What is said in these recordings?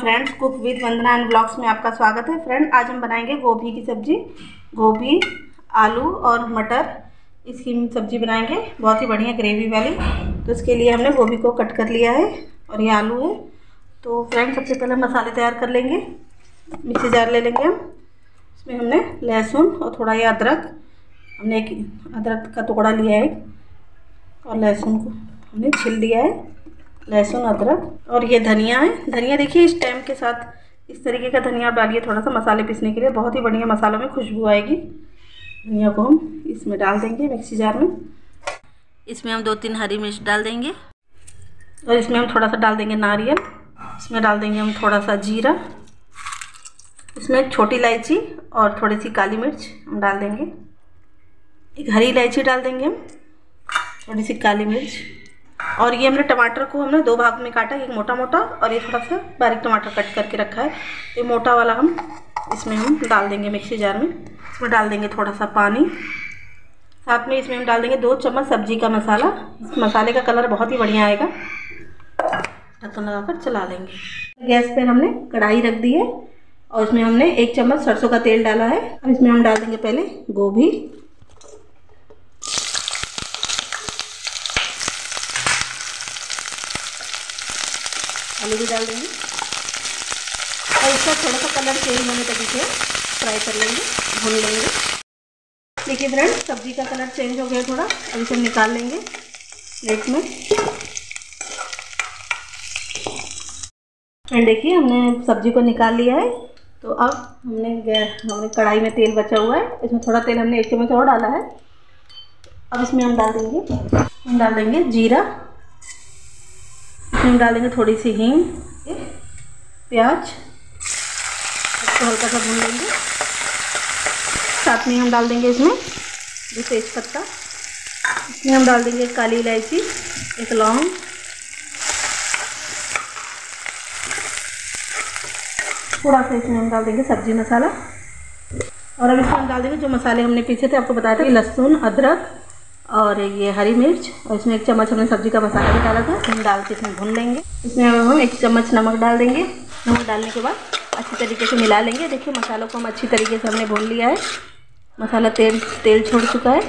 friends cook with Vandana and blogs में आपका स्वागत है फ्रेंड आज हम बनाएंगे गोभी की सब्जी गोभी आलू और मटर इसकी सब्जी बनाएंगे बहुत ही बढ़िया ग्रेवी वाली तो इसके लिए हमने गोभी को कट कर लिया है और ये आलू है तो फ्रेंड सबसे पहले मसाले तैयार कर लेंगे मिक्सी जार ले लेंगे हम इसमें हमने लहसुन और थोड़ा ये अदरक हमने एक अदरक का टुकड़ा लिया है और लहसुन को हमने छिल दिया है लहसुन अदरक और ये धनिया है धनिया देखिए इस टाइम के साथ इस तरीके का धनिया आप डालिए थोड़ा सा मसाले पीसने के लिए बहुत ही बढ़िया मसालों में खुशबू आएगी धनिया को हम इसमें डाल देंगे मिक्सी जार में इसमें हम दो तीन हरी मिर्च डाल देंगे और इसमें हम थोड़ा सा डाल देंगे नारियल इसमें डाल देंगे हम थोड़ा सा जीरा इसमें छोटी इलायची और थोड़ी सी काली मिर्च हम डाल देंगे एक हरी इलायची डाल देंगे हम थोड़ी सी काली मिर्च और ये हमने टमाटर को हमने दो भाग में काटा एक मोटा मोटा और ये थोड़ा सा बारीक टमाटर कट करके रखा है ये मोटा वाला हम इसमें हम डाल देंगे मिक्सी जार में इसमें डाल देंगे थोड़ा सा पानी साथ में इसमें हम डाल देंगे दो चम्मच सब्जी का मसाला इस मसाले का कलर बहुत ही बढ़िया आएगा ढक्कन लगाकर चला लेंगे गैस पर हमने कढ़ाई रख दी है और इसमें हमने एक चम्मच सरसों का तेल डाला है अब इसमें हम डाल देंगे पहले गोभी आलू भी डाल देंगे और इसका थोड़ा सा कलर चेंज होने तक इसे फ्राई कर लेंगे भून लेंगे देखिए फ्रेंड सब्जी का कलर चेंज हो गया थोड़ा अब इसे निकाल लेंगे प्लेट में फ्रेंड देखिए हमने सब्जी को निकाल लिया है तो अब हमने हमने कढ़ाई में तेल बचा हुआ है इसमें थोड़ा तेल हमने एक चम्मच और डाला है अब इसमें हम डाल देंगे हम डाल देंगे जीरा इसमें डालेंगे थोड़ी सी हींग प्याज इसको हल्का सा भून लेंगे साथ में हम डाल देंगे इसमें दो तेज पत्ता इसमें हम डाल देंगे काली इलायची एक लौंग थोड़ा सा इसमें हम डाल देंगे सब्जी मसाला और अब इसमें हम डाल देंगे जो मसाले हमने पीछे थे आपको बताया था लहसुन अदरक और ये हरी मिर्च और इसमें एक चम्मच हमने सब्जी का मसाला भी डाला था तो हम डाल के इसमें भून लेंगे इसमें हम एक चम्मच नमक डाल देंगे नमक डालने के बाद अच्छी तरीके से मिला लेंगे देखिए मसालों को हम अच्छी तरीके से हमने भून लिया है मसाला तेल तेल छोड़ चुका है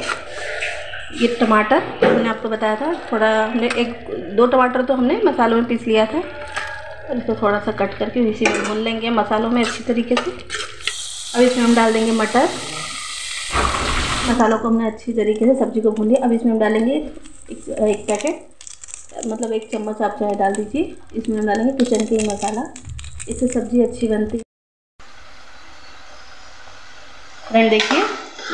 ये टमाटर मैंने आपको बताया था थोड़ा हमने एक दो टमाटर तो हमने मसालों में पीस लिया था और इसको थोड़ा सा कट करके इसी में भून लेंगे मसालों में अच्छी तरीके से अब इसमें हम डाल देंगे मटर मसालों को हमने अच्छी तरीके से सब्जी को भून लिया अब इसमें हम डालेंगे एक, एक पैकेट मतलब एक चम्मच आप चाहे डाल दीजिए इसमें हम डालेंगे किचन के मसाला इससे सब्ज़ी अच्छी बनती है देखिए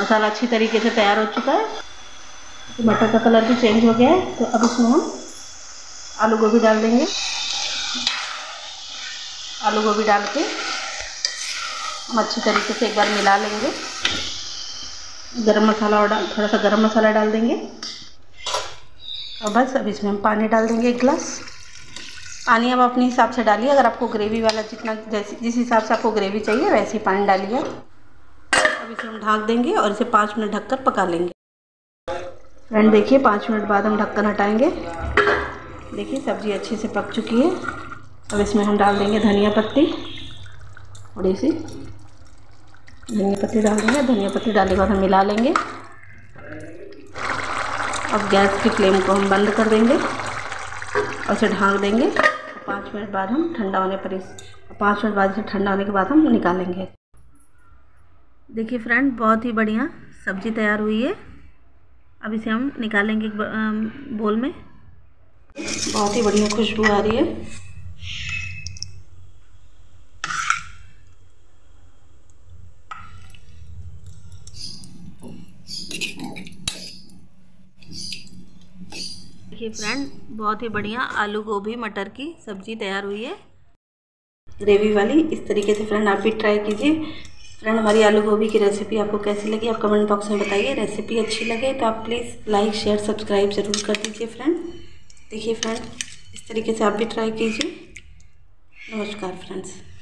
मसाला अच्छी तरीके से तैयार हो चुका है मटर का कलर भी चेंज हो गया है तो अब इसमें हम आलू गोभी डाल देंगे आलू गोभी डाल के हम अच्छी तरीके से एक बार मिला लेंगे गरम मसाला और डाल थोड़ा सा गरम मसाला डाल देंगे और बस अब इसमें हम पानी डाल देंगे एक गिलास पानी अब अपने हिसाब से डालिए अगर आपको ग्रेवी वाला जितना जैसे जिस हिसाब से आपको ग्रेवी चाहिए वैसे ही पानी डालिए अब इसे हम ढाँक देंगे और इसे पाँच मिनट ढककर पका लेंगे फ्रेंड देखिए पाँच मिनट बाद हम ढक्कन हटाएंगे देखिए सब्ज़ी अच्छे से पक चुकी है अब इसमें हम डाल देंगे धनिया पत्ती थोड़ी सी धनिया पत्ती डाल देंगे धनिया पत्ती डालने के बाद हम मिला लेंगे अब गैस की फ्लेम को हम बंद कर देंगे और इसे ढाँक देंगे पाँच मिनट बाद हम ठंडा होने पर इस पाँच मिनट बाद इसे ठंडा होने के बाद हम निकालेंगे देखिए फ्रेंड बहुत ही बढ़िया सब्ज़ी तैयार हुई है अब इसे हम निकालेंगे बोल में बहुत ही बढ़िया खुशबू आ रही है देखिए फ्रेंड बहुत ही बढ़िया आलू गोभी मटर की सब्ज़ी तैयार हुई है ग्रेवी वाली इस तरीके से फ्रेंड आप भी ट्राई कीजिए फ्रेंड हमारी आलू गोभी की रेसिपी आपको कैसी लगी आप कमेंट बॉक्स में बताइए रेसिपी अच्छी लगे तो आप प्लीज़ लाइक शेयर सब्सक्राइब ज़रूर कर दीजिए फ्रेंड देखिए फ्रेंड इस तरीके से आप भी ट्राई कीजिए नमस्कार फ्रेंड्स